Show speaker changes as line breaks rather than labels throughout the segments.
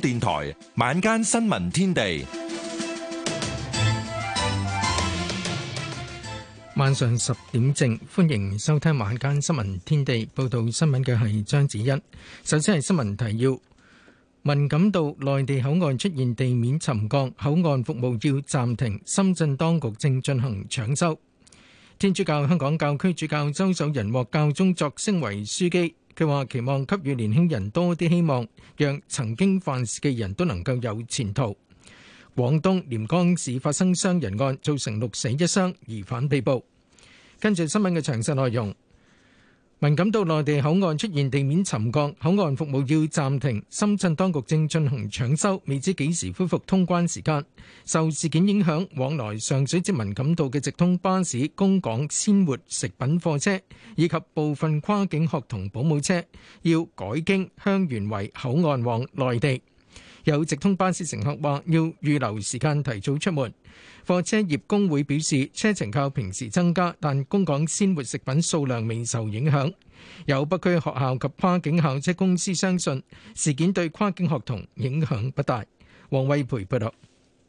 電台晚間
新聞天地，晚上十點正，歡迎收聽晚間新聞天地。報道新聞嘅係張子欣。首先係新聞提要：敏感到內地口岸出現地面沉降，口岸服務要暫停。深圳當局正進行搶修。天主教香港教區主教周守仁獲教宗擢升為樞機。佢話期望給予年輕人多啲希望，讓曾經犯事嘅人都能夠有前途。廣東廉江市發生傷人案，造成六死一傷，疑犯被捕。跟住新聞嘅詳細內容。文錦渡內地口岸出現地面沉降，口岸服務要暫停。深圳當局正進行搶修，未知幾時恢復通關時間。受事件影響，往來上水至文錦渡嘅直通巴士、供港鮮活食品貨車以及部分跨境學童保姆車要改經香園圍口岸往內地。有直通巴士乘客話要預留時間提早出門。貨車業工會表示車程靠平時增加，但供港鮮活食品數量未受影響。有北區學校及跨境校車公司相信事件對跨境學童影響不大。黃威培報道。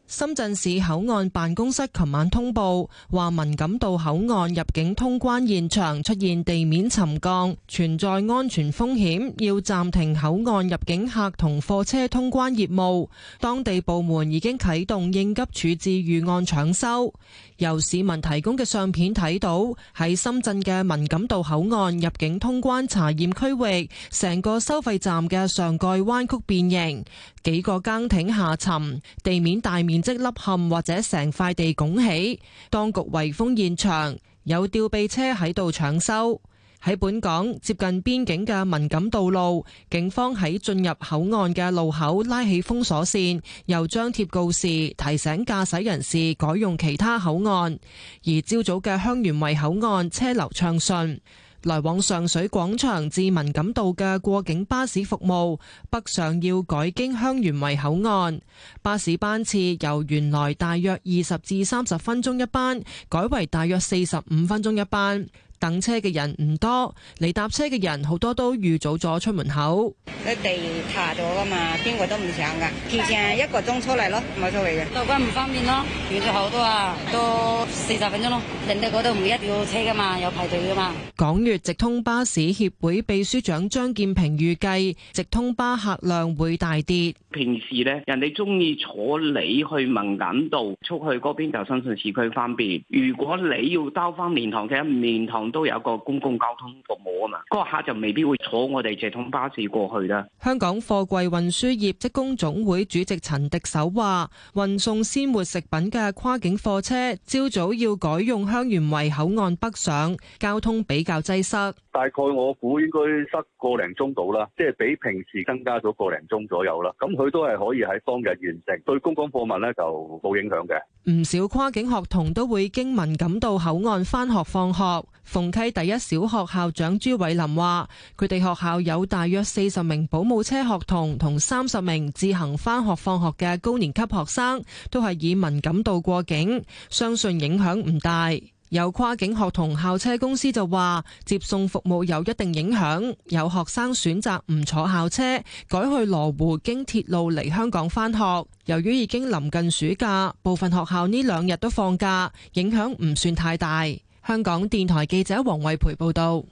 深圳市口岸辦公室琴晚通報，話文錦渡口岸入境通關現場出現地面沉降，存在安全風險，要暫停口岸入境客同貨車通關業務。當地部門已經啟動應急處置預案搶修。由市民提供嘅相片睇到，喺深圳嘅文錦渡口岸入境通關查驗區域，成個收費站嘅上蓋彎曲變形，幾個崗亭下沉，地面大面即凹陷，或者成塊地拱起，當局圍封現場，有吊臂車喺度搶修。喺本港接近邊境嘅敏感道路，警方喺進入口岸嘅路口拉起封鎖線，又張貼告示提醒駕駛人士改用其他口岸。而朝早嘅香園圍口岸車流暢順。來往上水廣場至文錦道嘅過境巴士服務，北上要改經香園圍口岸，巴士班次由原來大約二十至三十分鐘一班，改為大約四十五分鐘一班。等車嘅人唔多，嚟搭車嘅人好多都預早咗出門口。
佢地排咗噶嘛，邊個都唔想噶。提前一個鐘出嚟咯，冇錯嚟嘅。路唔方便咯，遠咗好多啊，都四十分鐘咯。
人哋嗰度唔係一條車噶嘛，有排隊噶嘛。
港粵直通巴士協會秘書長張建平預計，直通巴客量會大跌。
平時咧，人哋中意坐你去文錦渡出去嗰邊就新順市區方便。如果你要兜翻蓮塘嘅，蓮塘。都有個公共交通服務啊嘛，嗰客就未必會坐我哋直通巴士過去啦。
香港貨櫃運輸業職工總會主席陳迪手話，運送鮮活食品嘅跨境貨車，朝早要改用香園圍口岸北上，交通比較擠塞。
大概我估應該塞個零鐘到啦，即係比平時增加咗個零鐘左右啦。咁佢都係可以喺當日完成，對供港貨物呢就冇影響嘅。
唔少跨境學童都會經文錦渡口岸返學放學。鳳溪第一小學校長朱偉林話，佢哋學校有大約四十名保姆車學童同三十名自行返學放學嘅高年級學生，都係以敏感度過境，相信影響唔大。有跨境學童校車公司就話，接送服務有一定影響，有學生選擇唔坐校車，改去羅湖經鐵路嚟香港返學。由於已經臨近暑假，部分學校呢兩日都放假，影響唔算太大。香港電台記者王慧培報道，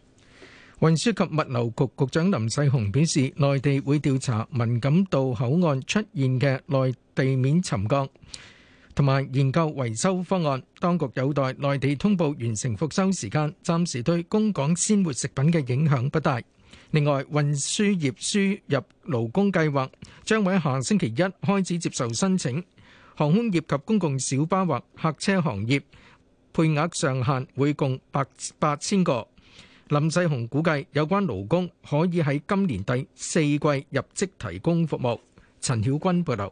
運輸及物流局局長林世雄表示，內地會調查敏感道口岸出現嘅內地面沉降，同埋研究維修方案。當局有待內地通報完成復修時間，暫時對供港鮮活食品嘅影響不大。另外，運輸業輸入勞工計劃將會下星期一開始接受申請。航空業及公共小巴或客車行業。配額上限會共八千個。林世雄估計有關勞工可以喺今年第四季入職提供服務。陳曉君報道。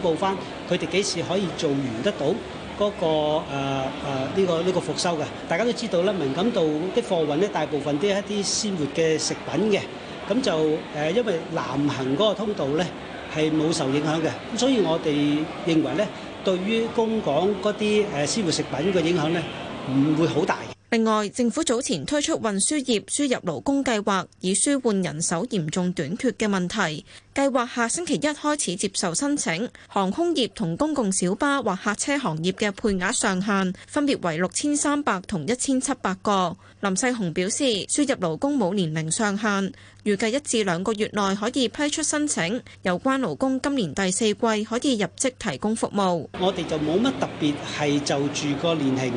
報翻佢哋幾時可以做完得到嗰個誒呢個呢個復修嘅？大家都知道咧，敏感度啲貨運咧，大部分啲一啲鮮活嘅食品嘅，咁就誒，因為南行嗰個通道咧係冇受影響嘅，咁所以我哋認為咧，對於公港嗰啲誒鮮活食品嘅影響咧，唔會好大。
另外，政府早前推出運輸業輸入勞工計劃，以舒緩人手嚴重短缺嘅問題，計劃下星期一開始接受申請，航空業同公共小巴或客車行業嘅配額上限分別為六千三百同一千七百個。林世雄表示，輸入勞工冇年齡上限，預計一至兩個月內可以批出申請。有關勞工今年第四季可以入
職提供服務，我哋就冇乜特別係就住個年齡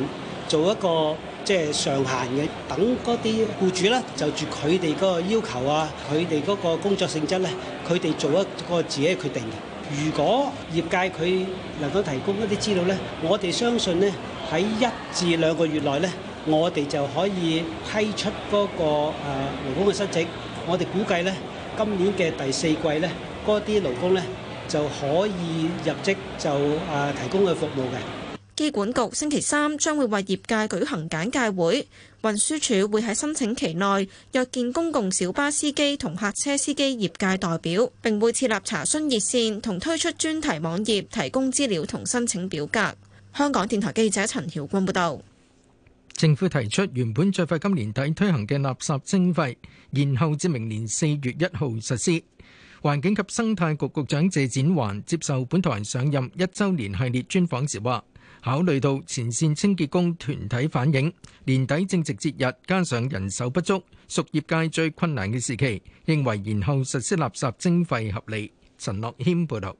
做一個。即係上限嘅，等嗰啲僱主咧就住佢哋嗰個要求啊，佢哋嗰個工作性質咧，佢哋做一個自己嘅決定。如果業界佢能夠提供一啲資料咧，我哋相信咧喺一至兩個月內咧，我哋就可以批出嗰個誒勞工嘅失職。我哋估計咧今年嘅第四季咧，嗰啲勞工咧就可以入職，就誒提供嘅服務嘅。
醫管局星期三將會為業界舉行簡介會，運輸署會喺申請期內約見公共小巴司機同客車司機業界代表，並會設立查詢熱線同推出專題網頁，提供資料同申請表格。香港電台記者陳曉君報道。
政府提出原本最快今年底推行嘅垃圾徵費，延後至明年四月一號實施。環境及生態局局長謝展寰接受本台上任一周年系列專訪時話。考慮到前線清潔工團體反映，年底正值節日，加上人手不足，屬業界最困難嘅時期，
認為延後實施垃圾徵費合理。陳樂軒報導，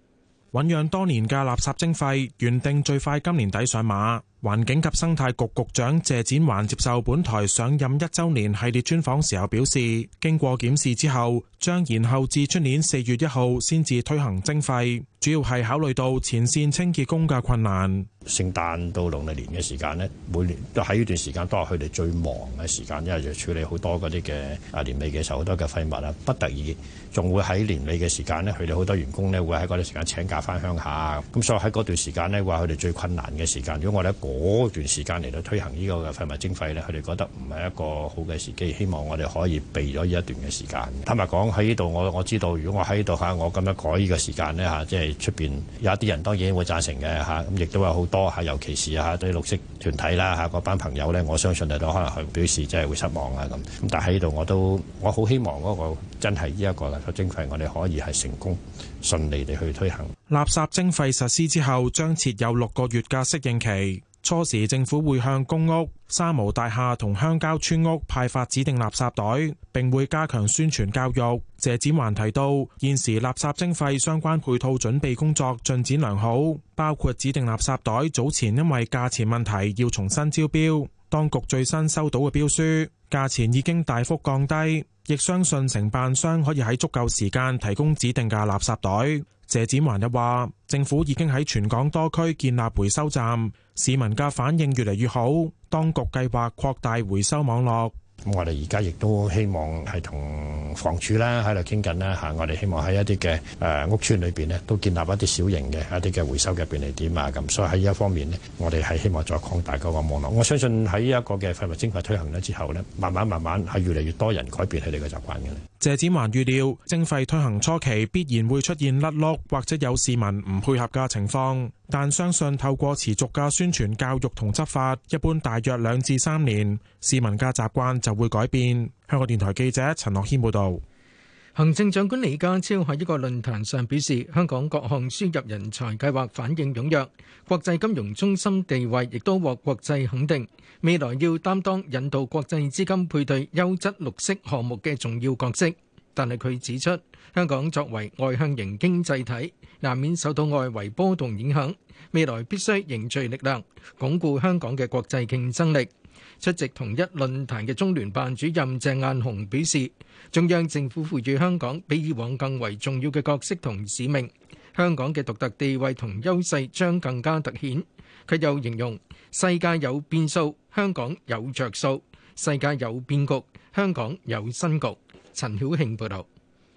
醖釀多年嘅垃圾徵費原定最快今年底上馬。環境及生態局局長謝展環接受本台上任一周年系列專訪時候表示，經過檢視之後，將延後至出年四月一號先至推行徵費，主要係考慮到前線清潔工嘅困難。聖誕到農曆年嘅時間咧，
每年都喺呢段時間都係佢哋最忙嘅時間，因為要處理好多嗰啲嘅啊年尾嘅時候好多嘅廢物啊，不得已仲會喺年尾嘅時間咧，佢哋好多員工咧會喺嗰段時間請假翻鄉下，咁所以喺嗰段時間咧話佢哋最困難嘅時間。如果我哋嗰段時間嚟到推行呢個嘅廢物徵費呢，佢哋覺得唔係一個好嘅時機，希望我哋可以避咗呢一段嘅時間。坦白講喺呢度，我我知道，如果我喺呢度嚇，我咁樣改呢個時間呢嚇、啊，即係出邊有一啲人當然會贊成嘅嚇，咁、啊、亦都有好多嚇、啊，尤其是嚇啲、啊、綠色團體啦嚇，嗰、啊、班朋友呢。我相信佢都可能佢表示即係會失望啊咁。咁但喺呢度我都我好希望嗰個真係呢一個垃圾徵費，我哋可以係成功。順利地去推行
垃圾徵費。實施之後，將設有六個月嘅適應期。初時政府會向公屋、三無大廈同鄉郊村屋派發指定垃圾袋，並會加強宣傳教育。謝展寰提到，現時垃圾徵費相關配套準備工作進展良好，包括指定垃圾袋早前因為價錢問題要重新招標。當局最新收到嘅標書，價錢已經大幅降低，亦相信承辦商可以喺足夠時間提供指定嘅垃圾袋。謝展寰又話，政府已經喺全港多區建立回收站，市民嘅反應越嚟越好，當局計劃擴大回收網絡。咁我哋而家亦都希望係同房署
啦，喺度傾緊啦吓，我哋希望喺一啲嘅誒屋村裏邊咧，都建立一啲小型嘅一啲嘅回收嘅便利點啊，咁所以喺呢一方面咧，我哋係希望再擴大嗰個網絡。我相信喺呢一個嘅廢物徵費推行咗之後咧，慢慢慢慢係越嚟越多人改變佢哋嘅習慣嘅。
謝展寰預料，徵費推行初期必然會出現甩轆或者有市民唔配合嘅情況，但相信透過持續嘅宣傳教育同執法，一般大約兩至三年，市民嘅習慣就會改變。香港電台記者陳樂謙報道，
行政長官李家超喺一個論壇上表示，香港各項輸入人才計劃反應踴躍，國際金融中心地位亦都獲國際肯定。未來要擔當引導國際資金配對優質綠色項目嘅重要角色。但係佢指出，香港作為外向型經濟體，難免受到外圍波動影響。未來必須凝聚力量，鞏固香港嘅國際競爭力。出席,同一論壇嘅中聯辦主任鄭雁雄表示,中央政府賦予香港比以往更為重要嘅角色同使命,香港嘅獨特地位同優勢將更加突顯,佢又形容,世界有變數,香港有着數,世界有變局,香港有新局,陳曉慶報導。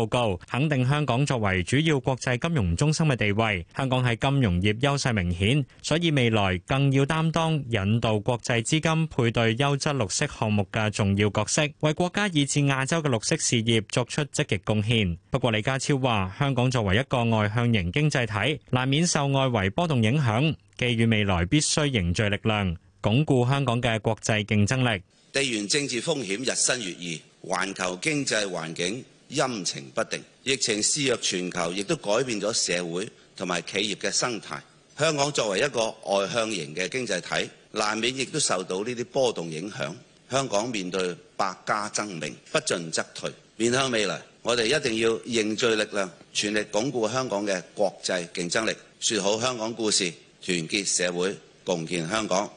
報告肯定香港作為主要國際金融中心嘅地位。香港係金融業優勢明顯，所以未來更要擔當引導國際資金配對優質綠色項目嘅重要角色，為國家以至亞洲嘅綠色事業作出積極貢獻。不過，李家超話，香港作為一個外向型經濟體，難免受外圍波動影響，寄予未來必須凝聚力量，鞏固香港嘅國際競爭力。
地緣政治風險日新月異，環球經濟環境。陰晴不定，疫情肆虐全球，亦都改變咗社會同埋企業嘅生態。香港作為一個外向型嘅經濟體，難免亦都受到呢啲波動影響。香港面對百家爭鳴，不進則退。面向未來，我哋一定要凝聚力量，全力鞏固香港嘅國際競爭力，說好香港故事，團結社會，共建香港。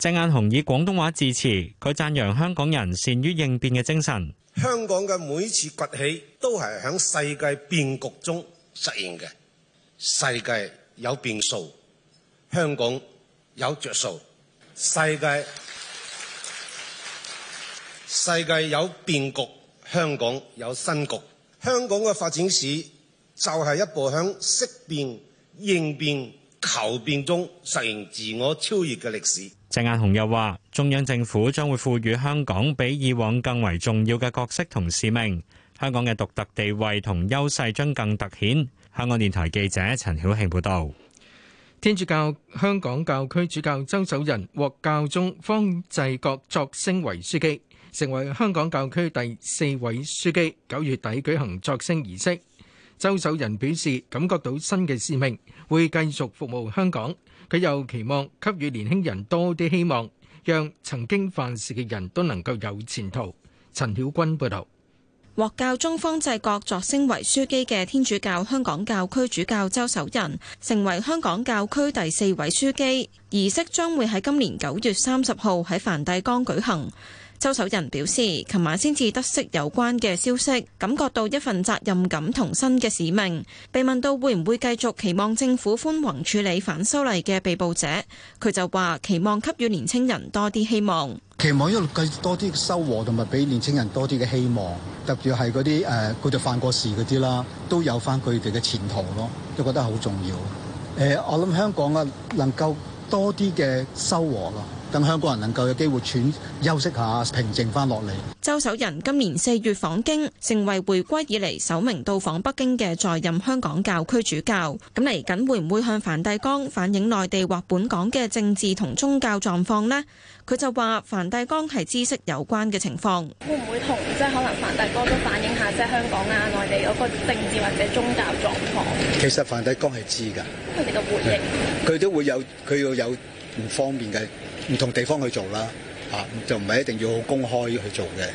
鄭雁雄以廣東話致辭，佢讚揚香港人善於應變嘅精神。
香港嘅每次崛起都係喺世界變局中實現嘅。世界有變數，香港有着數。世界世界有變局，香港有新局。香港嘅發展史就係一部喺識變應變求變中實現自我超越嘅歷史。
鄭雁雄又話，中央政府將會賦予香港比以往更為重要嘅角色同使命，香港嘅獨特地位同優勢將更凸顯。香港電台記者陳曉慶報道。
天主教香港教區主教周守仁獲教宗方濟各擢升為樞機，成為香港教區第四位樞機。九月底舉行擢升儀式。周守仁表示，感覺到新嘅使命會繼續服務香港。佢又期望給予年輕人多啲希望，讓曾經犯事嘅人都能夠有前途。陳曉君報道，獲教宗方濟
各擢升為樞機嘅天主教香港教區主教周守仁，成為香港教區第四位樞機。儀式將會喺今年九月三十號喺梵蒂岡舉行。周守仁表示，琴晚先至得悉有關嘅消息，感覺到一份責任感同新嘅使命。被問到會唔會繼續期望政府寬宏處理反修例嘅被捕者，佢就話期望給予年青人多啲希望，
期望一路繼續多啲收穫同埋俾年青人多啲嘅希望，特別係嗰啲誒佢哋犯過事嗰啲啦，都有翻佢哋嘅前途咯，都覺得好重要。誒、呃，我諗香港啊，能夠多啲嘅收穫咯。等香港人能夠有機會喘休息下，平靜翻落嚟。
周守仁今年四月訪京，成為回歸以嚟首名到訪北京嘅在任香港教區主教。咁嚟緊會唔會向梵蒂岡反映內地或本港嘅政治同宗教狀況咧？佢就話梵蒂岡係知悉有關嘅情況，會唔會同即係可能梵蒂岡都反映下即係香港啊內地嗰個政治或者宗教狀況。
其實梵蒂岡係知噶，佢哋嘅回
應，
佢都會有佢要有唔方便嘅。唔同地方去做啦，啊，就唔係一定要公開去做嘅。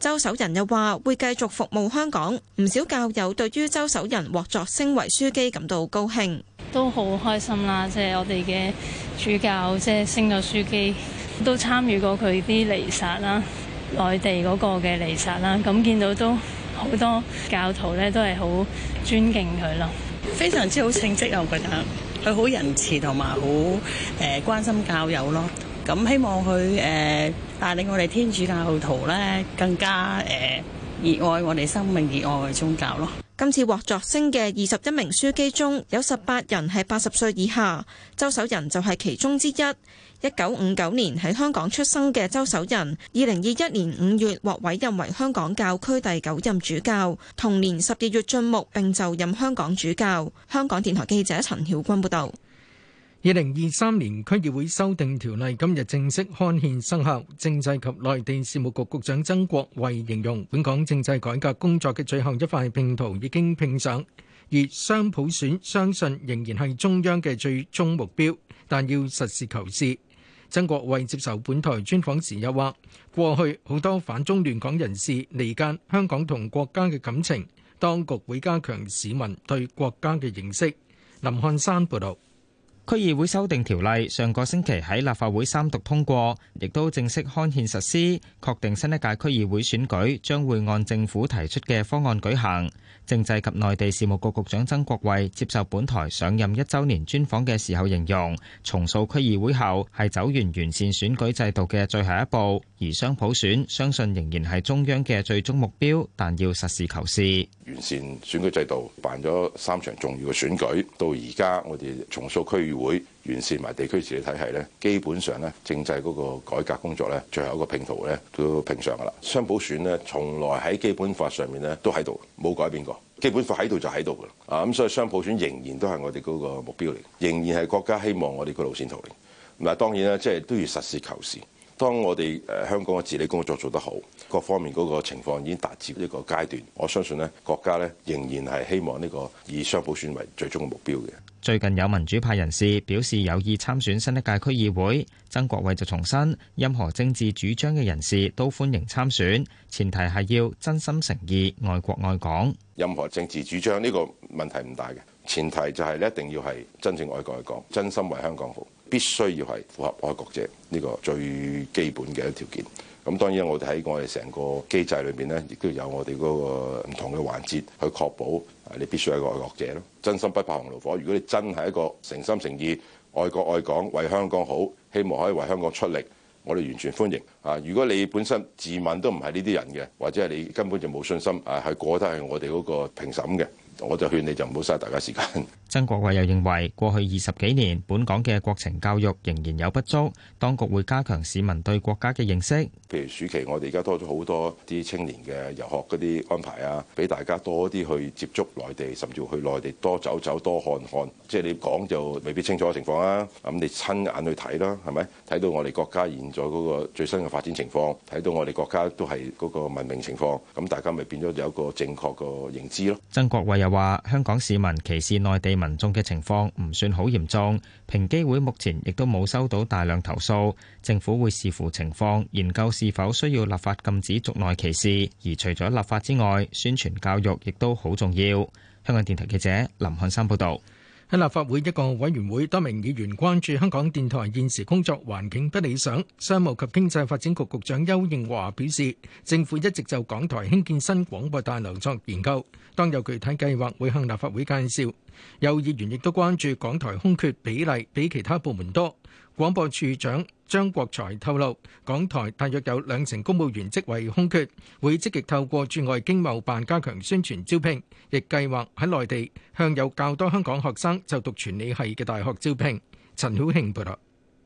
周守仁又話：會繼續服務香港。唔少教友對於周守仁獲擢升為樞機感到高興，都好開心
啦！即係我哋嘅主教即係升咗樞機，都參與過佢啲彌撒啦，內地嗰個嘅彌撒啦，咁見到都好多教徒咧都係好尊敬佢啦，非常之好稱職啊！我覺得佢好仁
慈同埋好誒關心教友咯。咁希望佢誒帶領我哋天主教徒咧，更加誒熱愛我哋生命，熱愛嘅宗
教咯。今次獲擢升嘅二十一名書記中有十八人係八十歲以下，周守仁就係其中之一。一九五九年喺香港出生嘅周守仁，二零二一年五月獲委任為香港教區第九任主教，同年十二月晉牧並就任香港主教。香港電台記者陳曉君報道。
二零二三年區議會修訂條例今日正式刊憲生效。政制及內地事務局局長曾國衛形容，本港政制改革工作嘅最後一塊拼圖已經拼上，而雙普選相信仍然係中央嘅最終目標，但要實事求是。曾國衛接受本台專訪時又話：「過去好多反中亂港人士離間香港同國家嘅感情，當局會加強市民對國家嘅認識。」林漢山報道。
區議會修訂條例，上個星期喺立法會三讀通過，亦都正式刊憲實施，確定新一屆區議會選舉將會按政府提出嘅方案舉行。政制及內地事務局局長曾國衛接受本台上任一週年專訪嘅時候，形容，重塑區議會後係走完完善選舉制度嘅最後一步，而雙普選相信仍然係中央嘅最終目標，但要實事求是。
完善選舉制度，辦咗三場重要嘅選舉，到而家我哋重塑區議會。完善埋地區治理體系咧，基本上咧，政制嗰個改革工作咧，最後一個拼圖咧都平常噶啦。雙普選咧，從來喺基本法上面咧都喺度，冇改變過基本法喺度就喺度噶啦。啊，咁所以雙普選仍然都係我哋嗰個目標嚟，仍然係國家希望我哋個路線圖嚟。嗱，當然啦，即係都要實事求是。當我哋誒香港嘅治理工作做得好，各方面嗰個情況已經達至一個階段，我相信咧國家咧仍然係希望呢個以雙普選為最終嘅目標嘅。
最近有民主派人士表示有意參選新一屆區議會，曾國衛就重申，任何政治主張嘅人士都歡迎參選，前提係要真心誠意愛國愛港。
任何政治主張呢個問題唔大嘅，前提就係你一定要係真正愛國愛港，真心為香港好，必須要係符合愛國者呢個最基本嘅條件。咁當然我哋喺我哋成個機制裏邊咧，亦都有我哋嗰個唔同嘅環節去確保。你必須係一個愛國者咯，真心不怕紅爐火。如果你真係一個誠心誠意愛國愛港、為香港好，希望可以為香港出力，我哋完全歡迎啊！如果你本身自問都唔係呢啲人嘅，或者係你根本就冇信心啊，係過得係我哋嗰個評審嘅。我就勸你就唔好嘥大家時間。
曾國衛又認為，過去二十幾年，本港嘅國情教育仍然有不足，當局會加強市民對國家嘅認識，
譬如暑期，我哋而家多咗好多啲青年嘅遊學嗰啲安排啊，俾大家多啲去接觸內地，甚至去內地多走走、多看看。即係你講就未必清楚嘅情況啊，咁你親眼去睇啦，係咪？睇到我哋國家現在嗰個最新嘅發展情況，睇到我哋國家都係嗰個文明情況，咁大家咪變咗有個正確個認
知咯。曾國衛又。話香港市民歧視內地民衆嘅情況唔算好嚴重，平機會目前亦都冇收到大量投訴，政府會視乎情況研究是否需要立法禁止族內歧視，而除咗立法之外，宣傳教育亦都好重要。香港電台記者林漢山報道。
喺立法會一個委員會，多名議員關注香港電台現時工作環境不理想。商務及經濟發展局局長邱應華表示，政府一直就港台興建新廣播大樓作研究，當有具體計劃會向立法會介紹。有議員亦都關注港台空缺比例比其他部門多。廣播處長張國財透露，港台大約有兩成公務員職位空缺，會積極透過駐外經貿辦加強宣傳招聘，亦計劃喺內地向有較多香港學生就讀傳理系嘅大學招聘。陳曉慶報道。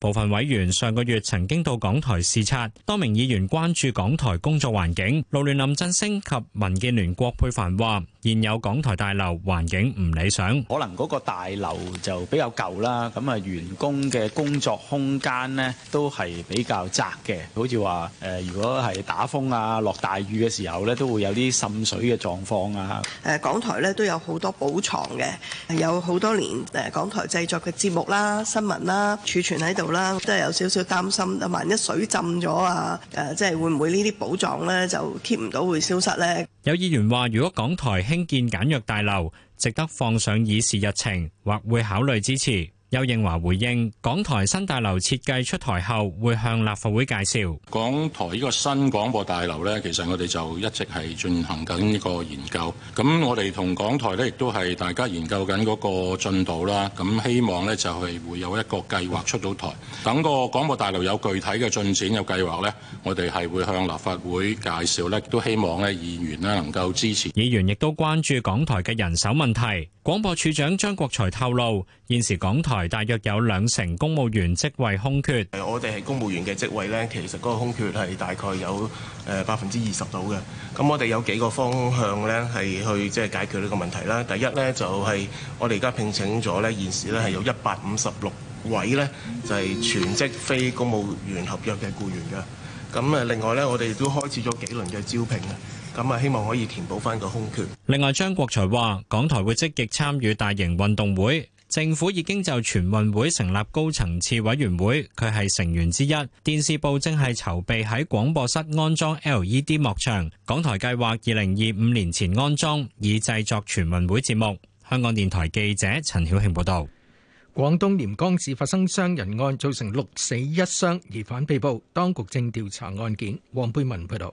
部分委員上個月曾經到港台視察，多名議員關注港台工作環境。勞聯林振昇及民建聯葛珮帆話：現有港台大樓環境唔理想，可能嗰個大樓就比較舊啦。咁啊，員工嘅工作空間咧都係比較窄嘅，好似話誒，如果係打風啊、落大雨嘅時候咧，都會有啲滲水嘅狀況啊。
誒，港台咧都有好多寶藏嘅，有好多年誒港台製作嘅節目啦、新聞啦，儲存喺度。啦，都係有少少擔心，萬一水浸咗啊，誒，即係會唔會呢啲寶藏咧就 keep 唔到，會消失呢？
有議員話，如果港台興建簡約大樓，值得放上議事日程，或會考慮支持。邱應華回應：港台新大樓設計出台後，會向立法會介紹。
港台呢個新廣播大樓咧，其實我哋就一直係進行緊呢個研究。咁我哋同港台咧，亦都係大家研究緊嗰個進度啦。咁希望咧就係會有一個計劃出到台。等個廣播大樓有具體嘅進展有計劃咧，我哋係會向立法會介紹咧，都希望咧議員咧能夠
支持。議員亦都關注港台嘅人手問題。廣播處長張國財透露，現時港台，大約有兩成公務員職位空缺。
我哋係公務員嘅職位呢，其實嗰個空缺係大概有誒百分之二十度嘅。咁我哋有幾個方向呢，係去即係解決呢個問題啦。第一呢就係我哋而家聘請咗呢，現時呢係有一百五十六位呢就係全職非公務員合約嘅僱員噶。咁啊，另外呢我哋亦都開始咗幾輪嘅招聘啊。咁啊，希望可以填補返個空缺。
另外，張國財話，港台會積極參與大型運動會。政府已經就全運會成立高層次委員會，佢係成員之一。電視部正係籌備喺廣播室安裝 LED 幕牆，港台計劃二零二五年前安裝，以製作全運會節目。香港電台記者陳曉慶報道：
「廣東廉江市發生傷人案，造成六死一傷，疑犯被捕，當局正調查案件。」黃佩文報道。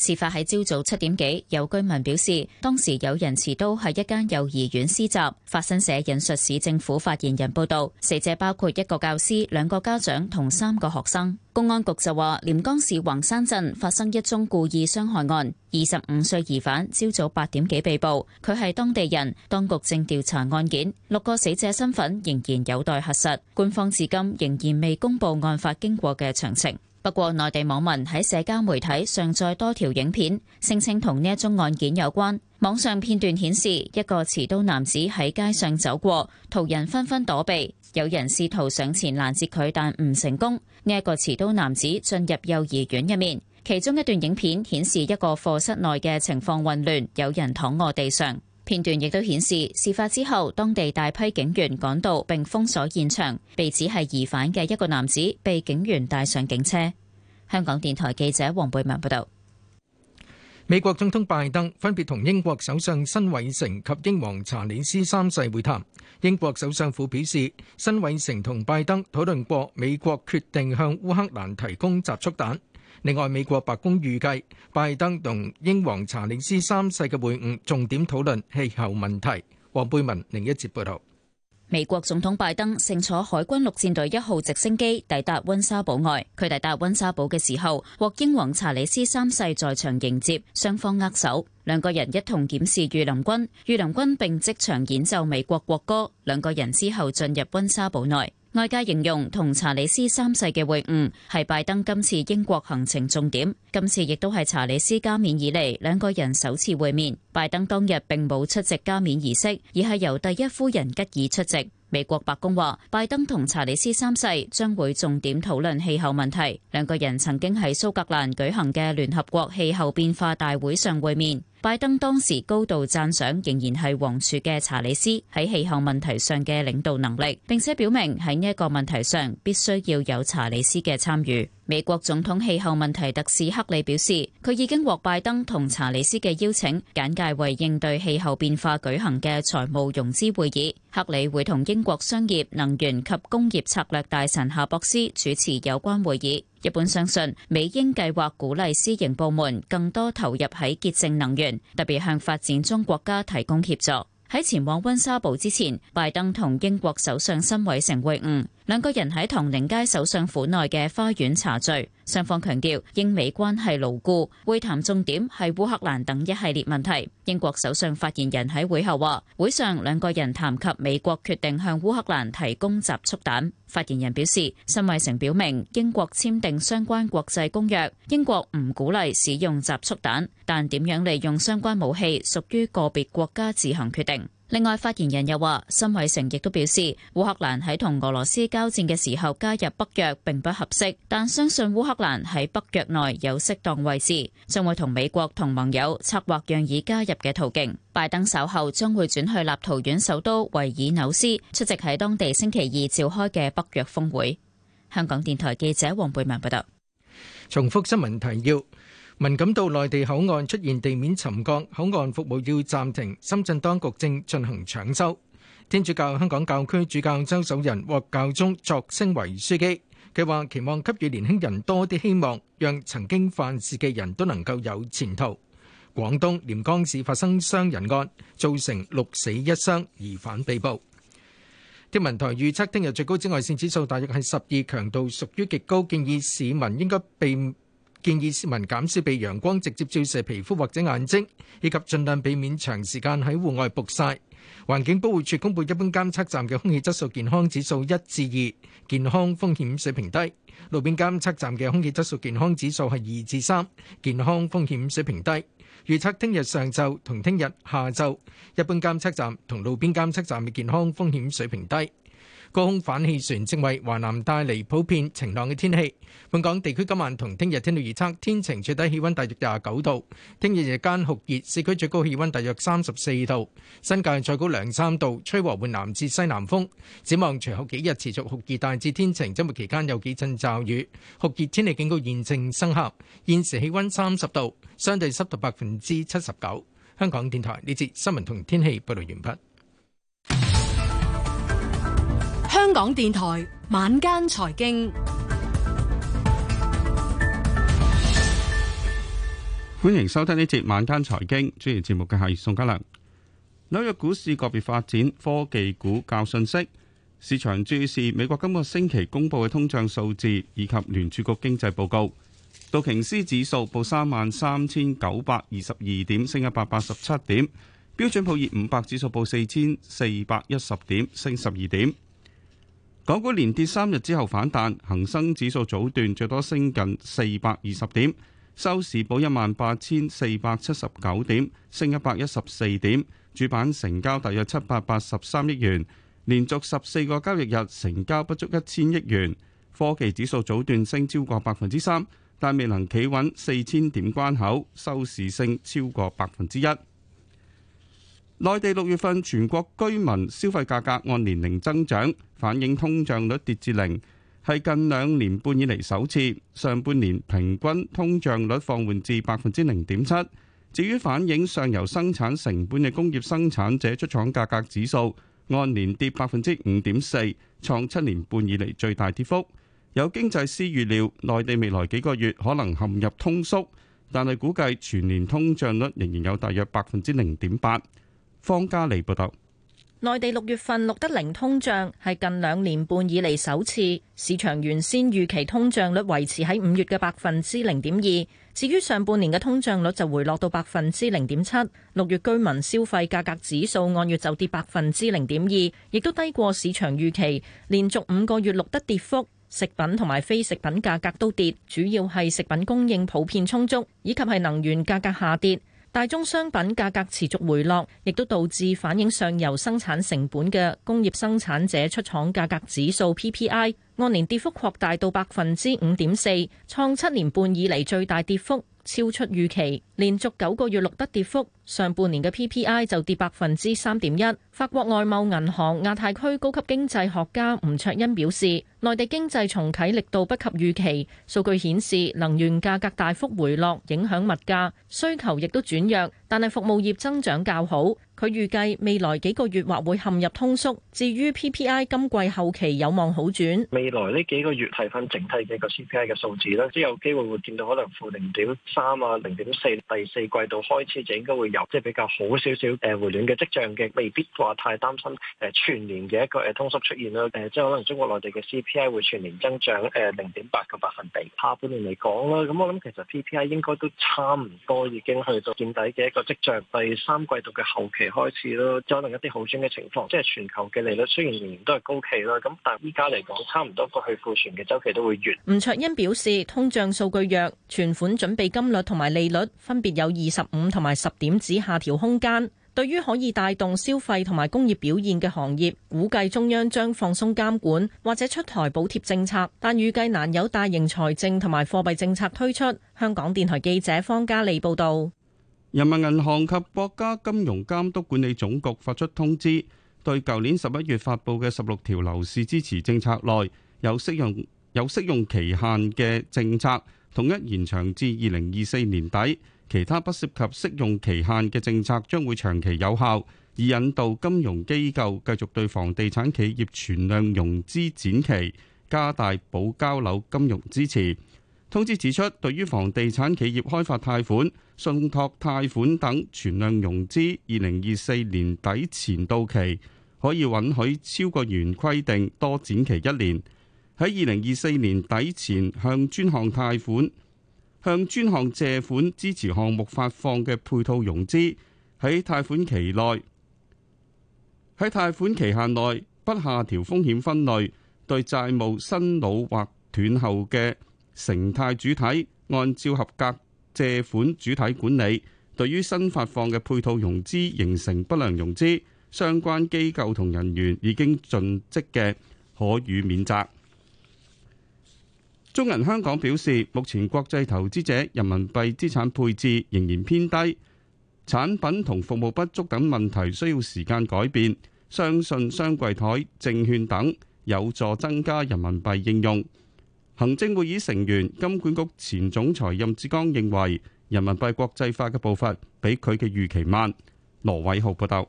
事發喺朝早七點幾，有居民表示當時有人持刀喺一間幼兒園施襲。法新社引述市政府發言人報道，死者包括一個教師、兩個家長同三個學生。公安局就話，廉江市橫山鎮發生一宗故意傷害案，二十五歲疑犯朝早八點幾被捕，佢係當地人，當局正調查案件，六個死者身份仍然有待核實。官方至今仍然未公布案發經過嘅詳情。不過，內地網民喺社交媒體上載多條影片，聲稱同呢一宗案件有關。網上片段顯示，一個持刀男子喺街上走過，途人紛紛躲避，有人試圖上前攔截佢，但唔成功。呢一個持刀男子進入幼兒園入面，其中一段影片顯示一個課室內嘅情況混亂，有人躺臥地上。片段亦都顯示，事發之後，當地大批警員趕到並封鎖現場，被指係疑犯嘅一個男子被
警員帶上警車。香港電台記者黃貝文報道。美國總統拜登分別同英國首相辛偉誠及英王查理斯三世會談。英國首相府表示，辛偉誠同拜登討論過美國決定向烏克蘭提供集束彈。另外，美國白宮預計拜登同英皇查理斯三世嘅會晤，重點討論氣候問題。黃貝文另一節報導。
美國總統拜登乘坐海軍陸戰隊一號直升機抵達温莎堡外。佢抵達温莎堡嘅時候，獲英皇查理斯三世在場迎接，雙方握手，兩個人一同檢視御林軍。御林軍並即場演奏美國國歌。兩個人之後進入温莎堡內。外界形容同查理斯三世嘅會晤係拜登今次英國行程重點，今次亦都係查理斯加冕以嚟兩個人首次會面。拜登當日並冇出席加冕儀式，而係由第一夫人吉爾出席。美國白宮話，拜登同查理斯三世將會重點討論氣候問題。兩個人曾經喺蘇格蘭舉行嘅聯合國氣候變化大會上會面。拜登當時高度讚賞仍然係王儲嘅查理斯喺氣候問題上嘅領導能力，並且表明喺呢一個問題上必須要有查理斯嘅參與。美國總統氣候問題特使克里表示，佢已經獲拜登同查理斯嘅邀請，簡介為應對氣候變化舉行嘅財務融資會議。克里會同英國商業、能源及工業策略大臣夏博斯主持有關會議。日本相信美英計劃鼓勵私營部門更多投入喺潔淨能源，特別向發展中國家提供協助。喺前往温莎堡之前，拜登同英國首相辛偉誠會晤。兩個人喺唐寧街首相府內嘅花園茶聚，雙方強調英美關係牢固，會談重點係烏克蘭等一系列問題。英國首相發言人喺會後話，會上兩個人談及美國決定向烏克蘭提供集束彈。發言人表示，辛偉誠表明英國簽訂相關國際公約，英國唔鼓勵使用集束彈，但點樣利用相關武器屬於個別國家自行決定。另外，發言人又話，辛偉誠亦都表示，烏克蘭喺同俄羅斯交戰嘅時候加入北約並不合適，但相信烏克蘭喺北約內有適當位置，將會同美國同盟友策劃讓以加入嘅途徑。拜登稍後將會轉去立陶宛首都維爾紐斯出席喺當地星期二召開嘅北約峯會。香港電台
記者黃貝文報道。重複新聞提要。敏感到內地口岸出現地面沉降，口岸服務要暫停。深圳當局正進行搶修。天主教香港教區主教周守仁獲教宗擢升為樞機。佢話期望給予年輕人多啲希望，讓曾經犯事嘅人都能夠有前途。廣東廉江市發生傷人案，造成六死一傷，疑犯被捕。天文台預測聽日最高紫外線指數大約係十二，強度，屬於極高，建議市民應該避。建議市民減少被陽光直接照射皮膚或者眼睛，以及盡量避免長時間喺戶外曝曬。環境保護署公布一般監測站嘅空氣質素健康指數一至二，健康風險水平低；路邊監測站嘅空氣質素健康指數係二至三，健康風險水平低。預測聽日上晝同聽日下晝，一般監測站同路邊監測站嘅健康風險水平低。高空反氣旋正為華南帶嚟普遍晴朗嘅天氣。本港地區今晚同聽日天氣預測，天晴，最低氣温大約廿九度。聽日日間酷熱，市區最高氣温大約三十四度，新界再高兩三度。吹和緩南至西南風。展望隨後幾日持續酷熱，大致天晴，周末期間有幾陣驟雨。酷熱天氣警告現正生效。現時氣温三十度，相對濕度百分之七十九。香港電台呢節新聞同天氣報道完畢。
香港電台晚間財經，
歡迎收聽呢節晚間財經主持節目嘅係宋嘉良。紐約股市個別發展，科技股較遜色。市場注視美國今個星期公布嘅通脹數字以及聯儲局經濟報告。道瓊斯指數報三萬三千九百二十二點，升一百八十七點。標準普爾五百指數報四千四百一十點，升十二點。港股連跌三日之後反彈，恒生指數早段最多升近四百二十點，收市報一萬八千四百七十九點，升一百一十四點，主板成交大約七百八十三億元，連續十四個交易日成交不足一千億元。科技指數早段升超過百分之三，但未能企穩四千點關口，收市升超過百分之一。內地六月份全國居民消費價格按年零增長。反映通脹率跌至零，係近兩年半以嚟首次。上半年平均通脹率放緩至百分之零點七。至於反映上游生產成本嘅工業生產者出廠價格指數，按年跌百分之五點四，創七年半以嚟最大跌幅。有經濟師預料，內地未來幾個月可能陷入通縮，但係估計全年通脹率仍然有大約百分之零點八。方家利報道。
內地六月份錄得零通脹，係近兩年半以嚟首次。市場原先預期通脹率維持喺五月嘅百分之零點二。至於上半年嘅通脹率就回落到百分之零點七。六月居民消費價格指數按月就跌百分之零點二，亦都低過市場預期。連續五個月錄得跌幅，食品同埋非食品價格都跌，主要係食品供應普遍充足，以及係能源價格下跌。大宗商品價格持續回落，亦都導致反映上游生產成本嘅工業生產者出廠價格指數 PPI 按年跌幅擴大到百分之五點四，創七年半以嚟最大跌幅。超出預期，連續九個月錄得跌幅。上半年嘅 PPI 就跌百分之三點一。法國外貿銀行亞太區高級經濟學家吳卓恩表示，內地經濟重啟力度不及預期。數據顯示，能源價格大幅回落，影響物價，需求亦都轉弱，但係服務業增長較好。佢預計未來幾個月或會陷入通縮，至於 PPI 今季後期有望好轉。未
來呢幾個月睇返整體嘅一個 CPI 嘅數字啦，即係有機會會見到可能負零點三啊、零點四。第四季度開始就應該會有即係比較好少少誒回暖嘅跡象嘅，未必話太擔心誒全年嘅一個通縮出現啦。誒、呃、即係可能中國內地嘅 CPI 會全年增長誒零點八個百分比。下半年嚟講啦，咁我諗其實 PPI 應該都差唔多已經去到見底嘅一個跡象。第三季度嘅後期。開始咯，可能一啲好轉嘅情況，即係全球嘅利率雖然仍然都係高企啦，咁但係依家嚟講，差唔多過去庫存嘅周期都會完。
吳卓欣表示，通脹數據弱，存款準備金率同埋利率分別有二十五同埋十點子下調空間。對於可以帶動消費同埋工業表現嘅行業，估計中央將放鬆監管或者出台補貼政策，但預計難有大型財政同埋貨幣政策推出。香港電台記者方嘉利報導。
人民銀行及國家金融監督管理總局發出通知，對舊年十一月發布嘅十六條樓市支持政策內有適用有適用期限嘅政策，統一延長至二零二四年底。其他不涉及適用期限嘅政策將會長期有效，以引導金融機構繼續對房地產企業存量融資展期，加大保交樓金融支持。通知指出，對於房地產企業開發貸款，信託貸款等存量融資，二零二四年底前到期，可以允許超過原規定多展期一年。喺二零二四年底前向專項貸款、向專項借款支持項目發放嘅配套融資，喺貸款期內、喺貸款期限內不下調風險分類，對債務新老或斷後嘅承貸主體，按照合格。借款主體管理，對於新發放嘅配套融資形成不良融資，相關機構同人員已經盡職嘅，可予免責。中銀香港表示，目前國際投資者人民幣資產配置仍然偏低，產品同服務不足等問題需要時間改變。相信雙櫃台、證券等有助增加人民幣應用。行政會議成員金管局前總裁任志剛認為，人民幣國際化嘅步伐比佢嘅預期慢。羅偉豪報道，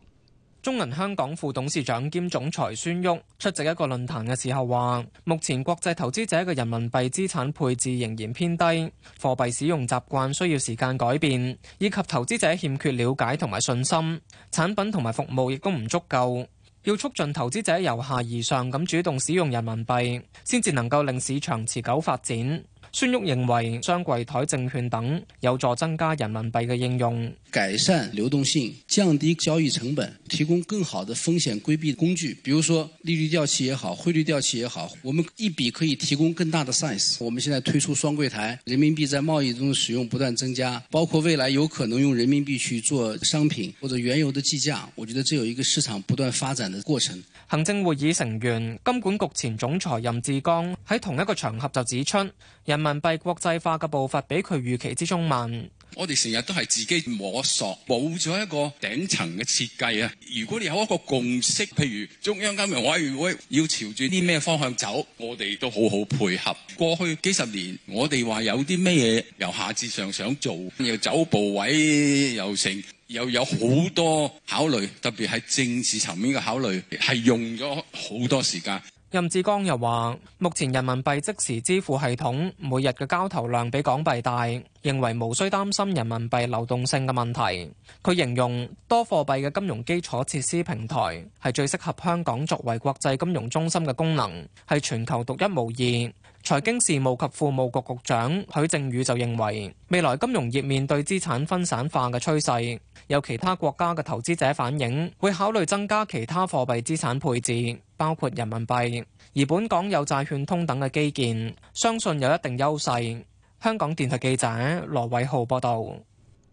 中銀香港副董事長兼總裁孫旭出席一個論壇嘅時候話，目前國際投資者嘅人民幣資產配置仍然偏低，貨幣使用習慣需要時間改變，以及投資者欠缺了解同埋信心，產品同埋服務亦都唔足夠。要促進投資者由下而上咁主動使用人民幣，先至能夠令市場持久發展。孫玉認為雙櫃台證券等有助增加人民幣嘅應用，
改善流動性，降低交易成本，提供更好的風險規避工具，比如說利率掉期也好，匯率掉期也好，我們一筆可以提供更大的 size。我們現在推出雙櫃台，人民幣在貿易中使用不斷增加，包括未來有可能用人民幣去做商品或者原油的計價。我覺得這有一個市場不斷發展的過程。
行政會議成員金管局前總裁任志剛喺同一個場合就指出，人人民幣國際化嘅步伐比佢預期之中慢。
我哋成日都係自己摸索，冇咗一個頂層嘅設計啊！如果你有一個共識，譬如中央金融委員會要朝住啲咩方向走，我哋都好好配合。過去幾十年，我哋話有啲咩嘢由下至上想做，又走步位，又成，又有好多考慮，特別係政治層面嘅考慮，係用咗好多時間。
任志剛又話，目前人民幣即時支付系統每日嘅交投量比港幣大，認為無需擔心人民幣流動性嘅問題，佢形容多貨幣嘅金融基礎設施平台係最適合香港作為國際金融中心嘅功能，係全球獨一無二。財經事務及庫務局局長許正宇就認為，未來金融業面對資產分散化嘅趨勢，有其他國家嘅投資者反映，會考慮增加其他貨幣資產配置，包括人民幣。而本港有債券通等嘅基建，相信有一定優勢。香港電台記者羅偉浩報道。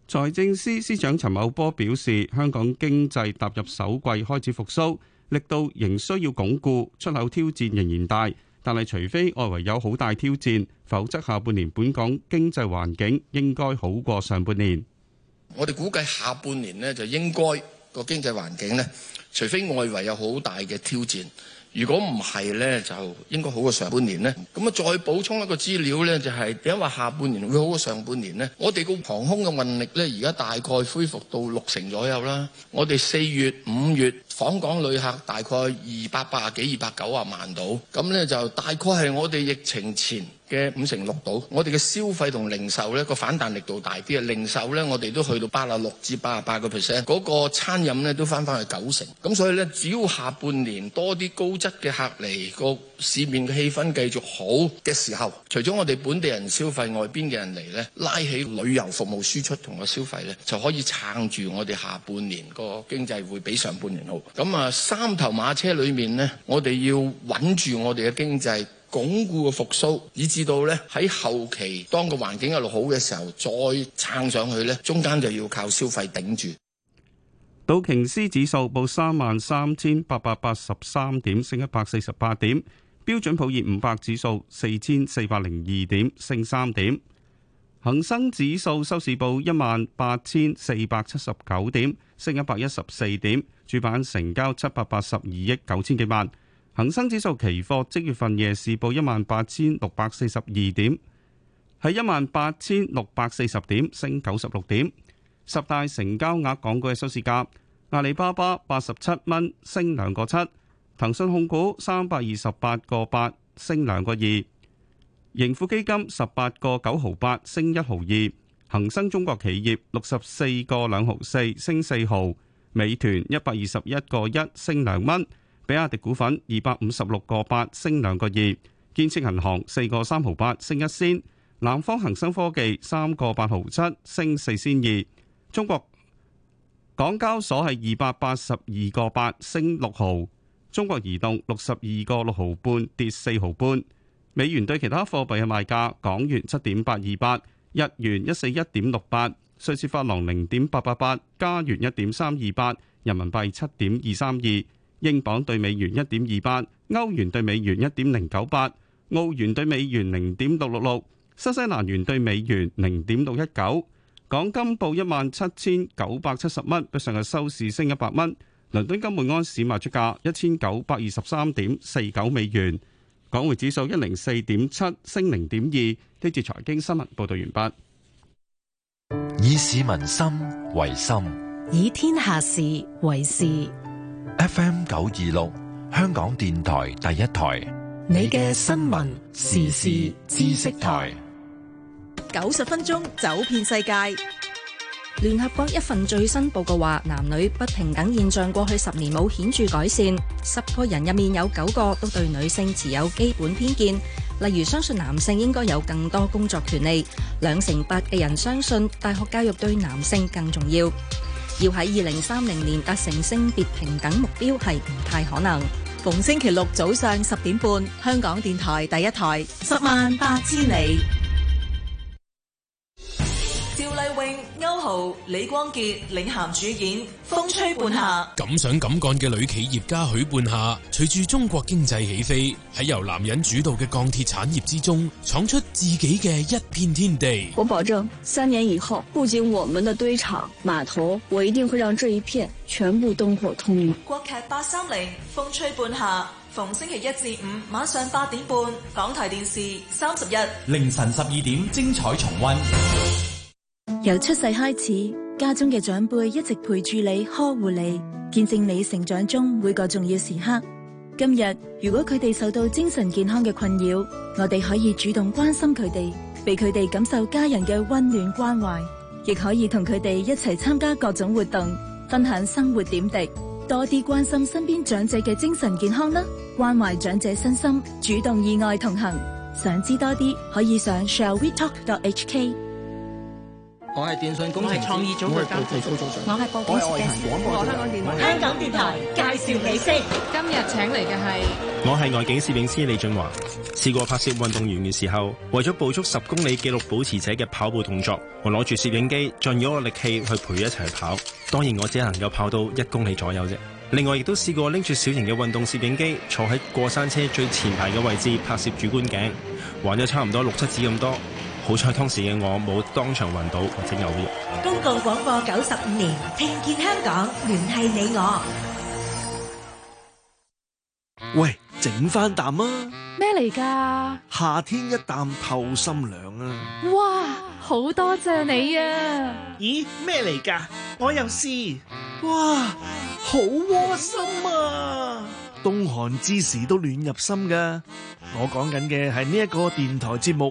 財政司司長陳茂波表示，香港經濟踏入首季開始復甦，力度仍需要鞏固，出口挑戰仍然大。但係，除非外圍有好大挑戰，否則下半年本港經濟環境應該好過上半年。
我哋估計下半年呢，就應該個經濟環境呢，除非外圍有好大嘅挑戰。如果唔係呢，就應該好過上半年呢。咁啊，再補充一個資料呢，就係點解話下半年會好過上半年呢。我哋個航空嘅運力呢，而家大概恢復到六成左右啦。我哋四月、五月。訪港旅客大概二百八啊幾二百九啊萬到，咁咧就大概係我哋疫情前嘅五成六到。我哋嘅消費同零售咧個反彈力度大啲，零售咧我哋都去到八十六至八十八個 percent，嗰個餐飲咧都返返去九成。咁所以咧，只要下半年多啲高質嘅客嚟，嗰個市面嘅氣氛繼續好嘅時候，除咗我哋本地人消費，外邊嘅人嚟呢，拉起旅遊服務輸出同個消費呢，就可以撐住我哋下半年個經濟會比上半年好。咁啊，三頭馬車裏面呢，我哋要穩住我哋嘅經濟，鞏固個復甦，以至到呢，喺後期當個環境一路好嘅時候，再撐上去呢，中間就要靠消費頂住。
道瓊斯指數報三萬三千八百八十三點，升一百四十八點。標準普爾五百指數四千四百零二點，升三點。恒生指數收市報一萬八千四百七十九點，升一百一十四點。主板成交七百八十二億九千幾萬。恒生指數期貨即月份夜市報一萬八千六百四十二點，係一萬八千六百四十點，升九十六點。十大成交額港股收市價，阿里巴巴八十七蚊，升兩個七。騰訊控股三百二十八個八升兩個二，盈富基金十八個九毫八升一毫二，恒生中國企業六十四個兩毫四升四毫，美團一百二十一個一升兩蚊，比亞迪股份二百五十六個八升兩個二，建設銀行四個三毫八升一仙，南方恒生科技三個八毫七升四仙二，中國港交所係二百八十二個八升六毫。中國移動六十二個六毫半，跌四毫半。美元對其他貨幣嘅賣價：港元七點八二八，日元一四一點六八，瑞士法郎零點八八八，加元一點三二八，人民幣七點二三二，英鎊對美元一點二八，歐元對美元一點零九八，澳元對美元零點六六六，新西蘭元對美元零點六一九。港金報一萬七千九百七十蚊，比上日收市升一百蚊。倫敦金每安士賣出價一千九百二十三點四九美元，港匯指數一零四點七，升零點二。呢節財經新聞報道完畢。以市民心為心，以天下事為事。FM 九二六，
香港電台第一台，
你嘅新聞時事知
識台，
九十分鐘走遍世界。聯合國一份最新報告話，男女不平等現象過去十年冇顯著改善，十個人入面有九個都對女性持有基本偏見，例如相信男性應該有更多工作權利，兩成八嘅人相信大學教育對男性更重要。要喺二零三零年達成性別平等目標係唔太可能。逢星期六早上十點半，香港電台第一台，十萬八千里。
趙麗穎、歐豪、李光潔領銜主演《風吹半夏》，
敢想敢幹嘅女企業家許半夏，隨住中國經濟起飛，喺由男人主導嘅鋼鐵產業之中，闖出自己嘅一片天地。
我保證三年以後，不僅我們的堆場碼頭，我一定會讓這一片全部燈火通明。國劇八三零《風吹半夏》，逢星期一至五晚上八點半，港台電視三十日
凌晨十二點，精彩重溫。
由出世開始，家中嘅長輩一直陪住你、呵護你、見證你成長中每個重要時刻。今日如果佢哋受到精神健康嘅困擾，我哋可以主動關心佢哋，俾佢哋感受家人嘅温暖關懷，亦可以同佢哋一齊參加各種活動，分享生活點滴，多啲關心身邊長者嘅精神健康啦。關懷長者身心，主動意外同行。想知多啲，可以上 shall we talk.hk。
我係電信
公司創意組嘅高級操作員，我係報導
員，我係香港
電香港電台介紹你識。今日
請嚟嘅係
我係外景攝影師李俊華。試過拍攝運動員嘅時候，為咗捕捉十公里紀錄保持者嘅跑步動作，我攞住攝影機盡咗個力氣去陪佢一齊跑。當然，我只能夠跑到一公里左右啫。另外，亦都試過拎住小型嘅運動攝影機坐喺過山車最前排嘅位置拍攝主觀鏡，玩咗差唔多六七次咁多。好彩當時嘅我冇當場暈倒或者嘔血。
公共廣播九十五年，聽見香港，聯繫你我。
喂，整翻啖啊！
咩嚟噶？
夏天一啖透心涼
啊！哇，好多謝你啊！咦，
咩嚟噶？我又試，哇，好窩心啊！冬寒之時都暖入心噶。我講緊嘅係呢一個電台節目。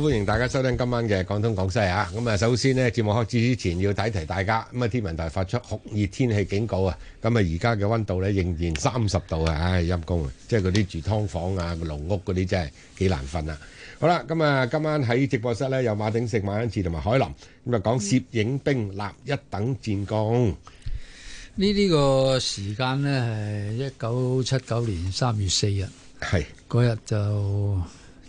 歡迎大家收聽今晚嘅講東講西啊！咁啊，首先咧，節目開始之前要提提大家，咁啊，天文台發出酷熱天氣警告啊！咁啊，而家嘅溫度咧仍然三十度啊，唉，陰功啊！即係嗰啲住劏房啊、籠屋嗰啲真係幾難瞓啊！好啦，咁啊，今晚喺直播室咧有馬鼎盛、馬恩志同埋海林，咁啊，講攝影兵立一等
戰功。呢？呢個時間咧係一九七九年三月四日，係嗰日就。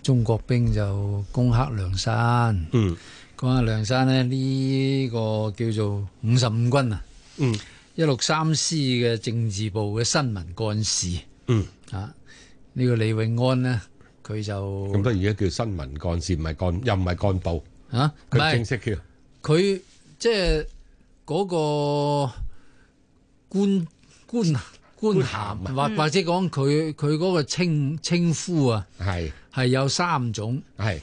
中國兵就攻克梁山。嗯，講下
梁山咧，呢個叫
做五十
五軍啊。嗯，一六三師嘅政治部嘅新聞幹事。嗯，啊，呢個李永安呢，佢就咁得
而家叫新聞幹事，唔係幹又唔係幹部啊，佢正式叫
佢即
係嗰
個官官啊。官銜，或，或者講，佢佢嗰個稱稱稱呼啊，係係是有三種，係。